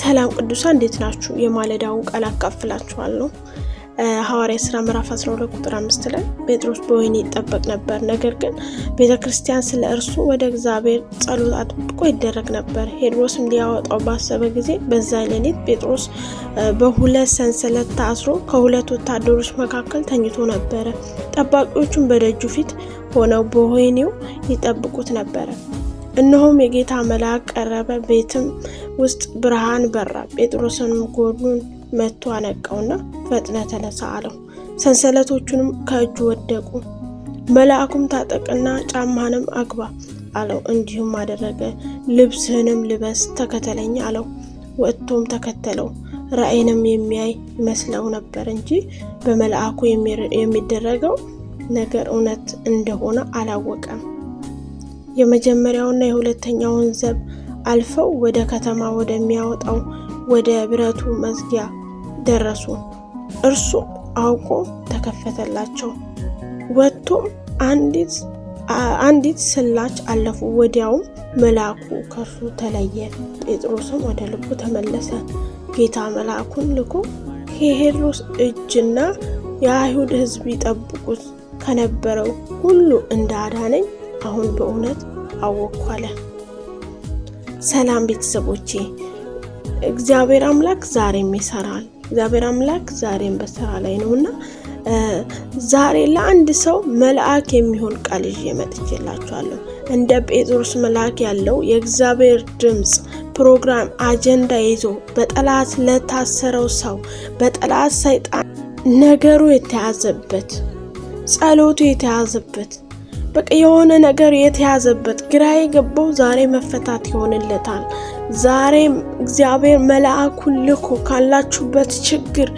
ሰላም ቅዱሳ እንዴት ናችሁ? የማለዳውን ቃል አካፍላችኋለሁ። ሐዋርያ ሥራ ምዕራፍ 12 ቁጥር 5 ላይ ጴጥሮስ በወኅኒ ይጠበቅ ነበር፣ ነገር ግን ቤተ ክርስቲያን ስለ እርሱ ወደ እግዚአብሔር ጸሎት አጥብቆ ይደረግ ነበር። ሄሮድስም ሊያወጣው ባሰበ ጊዜ በዛ ሌሊት ጴጥሮስ በሁለት ሰንሰለት ታስሮ ከሁለት ወታደሮች መካከል ተኝቶ ነበረ። ጠባቂዎቹም በደጁ ፊት ሆነው በወይኔው ይጠብቁት ነበረ። እነሆም የጌታ መልአክ ቀረበ፣ ቤትም ውስጥ ብርሃን በራ። ጴጥሮስንም ጎኑን መቶ አነቀውና ፈጥነ ተነሳ አለው። ሰንሰለቶቹንም ከእጁ ወደቁ። መልአኩም ታጠቅና ጫማህንም አግባ አለው። እንዲሁም አደረገ። ልብስህንም ልበስ፣ ተከተለኝ አለው። ወጥቶም ተከተለው። ራእይንም የሚያይ ይመስለው ነበር እንጂ በመልአኩ የሚደረገው ነገር እውነት እንደሆነ አላወቀም። የመጀመሪያውና የሁለተኛውን ዘብ አልፈው ወደ ከተማ ወደሚያወጣው ወደ ብረቱ መዝጊያ ደረሱ። እርሱ አውቆ ተከፈተላቸው። ወጥቶም አንዲት ስላች አለፉ። ወዲያውም መልአኩ ከእርሱ ተለየ። ጴጥሮስም ወደ ልቡ ተመለሰ። ጌታ መልአኩን ልኮ ከሄሮድስ እጅና የአይሁድ ሕዝብ ይጠብቁት ከነበረው ሁሉ እንዳዳነኝ አሁን በእውነት አወቅኩ አለ። ሰላም ቤተሰቦቼ፣ እግዚአብሔር አምላክ ዛሬም ይሰራል። እግዚአብሔር አምላክ ዛሬም በስራ ላይ ነው እና ዛሬ ለአንድ ሰው መልአክ የሚሆን ቃል ይዤ መጥቼላችኋለሁ። እንደ ጴጥሮስ መልአክ ያለው የእግዚአብሔር ድምፅ ፕሮግራም አጀንዳ ይዞ በጠላት ለታሰረው ሰው በጠላት ሰይጣን ነገሩ የተያዘበት ጸሎቱ የተያዘበት በቃ የሆነ ነገር የተያዘበት ግራ የገባው ዛሬ መፈታት ይሆንለታል። ዛሬም እግዚአብሔር መልአኩን ልኮ ካላችሁበት ችግር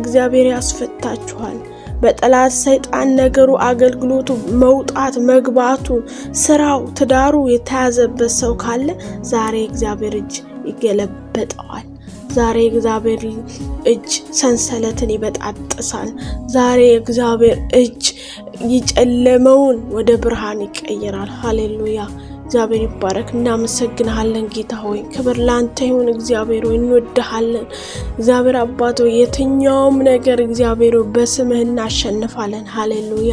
እግዚአብሔር ያስፈታችኋል። በጠላት ሰይጣን ነገሩ፣ አገልግሎቱ፣ መውጣት መግባቱ፣ ስራው፣ ትዳሩ የተያዘበት ሰው ካለ ዛሬ እግዚአብሔር እጅ ይገለበጠዋል። ዛሬ የእግዚአብሔር እጅ ሰንሰለትን ይበጣጥሳል። ዛሬ የእግዚአብሔር እጅ የጨለመውን ወደ ብርሃን ይቀይራል። ሃሌሉያ እግዚአብሔር ይባረክ። እናመሰግንሃለን ጌታ ሆይ፣ ክብር ለአንተ ይሁን። እግዚአብሔር ሆይ እንወድሃለን። እግዚአብሔር አባት ሆይ የትኛውም ነገር እግዚአብሔር ሆይ በስምህ እናሸንፋለን። ሀሌሉያ፣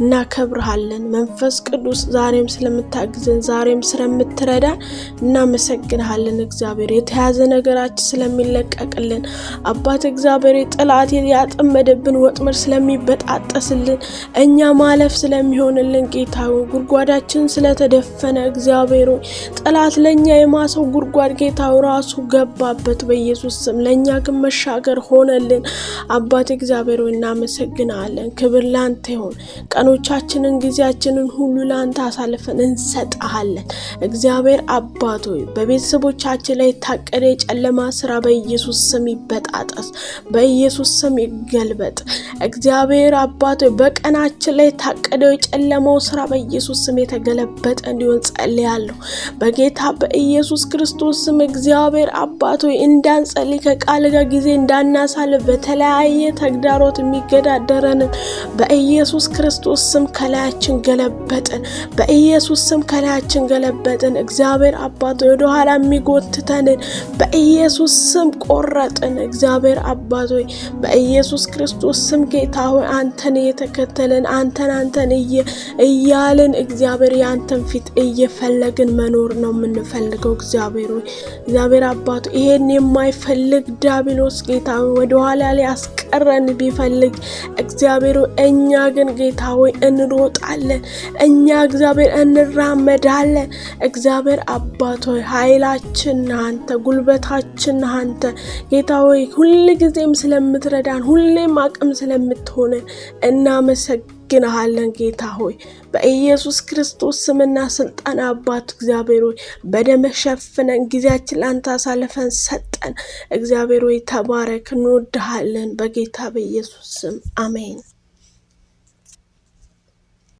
እናከብርሃለን። መንፈስ ቅዱስ ዛሬም ስለምታግዘን፣ ዛሬም ስለምትረዳን እናመሰግንሃለን። እግዚአብሔር የተያዘ ነገራችን ስለሚለቀቅልን አባት እግዚአብሔር ጥላት ያጠመደብን ወጥመድ ስለሚበጣጠስልን እኛ ማለፍ ስለሚሆንልን ጌታ ጉድጓዳችን ስለተደፈነ እግዚአብሔር ሆይ ጠላት ለእኛ የማሰው ጉድጓድ ጌታው ራሱ ገባበት። በኢየሱስ ስም ለእኛ ግን መሻገር ሆነልን። አባት እግዚአብሔር ሆይ እናመሰግናለን። ክብር ላንተ ይሆን። ቀኖቻችንን ጊዜያችንን ሁሉ ላንተ አሳልፈን እንሰጠሃለን። እግዚአብሔር አባት ሆይ በቤተሰቦቻችን ላይ የታቀደ የጨለማ ስራ በኢየሱስ ስም ይበጣጠስ፣ በኢየሱስ ስም ይገልበጥ። እግዚአብሔር አባት ሆይ በቀናችን ላይ የታቀደው የጨለማው ስራ በኢየሱስ ስም የተገለበጠ እንዲሆን እጸልያለሁ። በጌታ በኢየሱስ ክርስቶስ ስም እግዚአብሔር አባት ሆይ እንዳንጸልይ ከቃል ጋር ጊዜ እንዳናሳልፍ በተለያየ ተግዳሮት የሚገዳደረንን በኢየሱስ ክርስቶስ ስም ከላያችን ገለበጥን። በኢየሱስ ስም ከላያችን ገለበጥን። እግዚአብሔር አባት ወደኋላ የሚጎትተንን በኢየሱስ ስም ቆረጥን። እግዚአብሔር አባት ሆይ በኢየሱስ ክርስቶስ ስም ጌታ ሆይ አንተን እየተከተልን አንተን አንተን እያልን እግዚአብሔር የአንተን ፊት እየ እየፈለግን መኖር ነው የምንፈልገው። እግዚአብሔር ሆይ እግዚአብሔር አባቱ ይሄን የማይፈልግ ዳቢሎስ ጌታ ሆይ ወደኋላ ላይ አስቀረን ቢፈልግ እግዚአብሔር ሆይ እኛ ግን ጌታ ሆይ እንሮጣለን፣ እኛ እግዚአብሔር እንራመዳለን። እግዚአብሔር አባቶ ሆይ ኃይላችን አንተ፣ ጉልበታችን አንተ ጌታ ሆይ ጊዜም ስለምትረዳን ሁሌም አቅም ስለምትሆነን እናመሰግ እናመሰግንሃለን ጌታ ሆይ በኢየሱስ ክርስቶስ ስምና ስልጣን አባት እግዚአብሔር ሆይ በደም ሸፍነን ጊዜያችን ለአንተ አሳልፈን ሰጠን። እግዚአብሔር ሆይ ተባረክ፣ እንወድሃለን በጌታ በኢየሱስ ስም አሜን።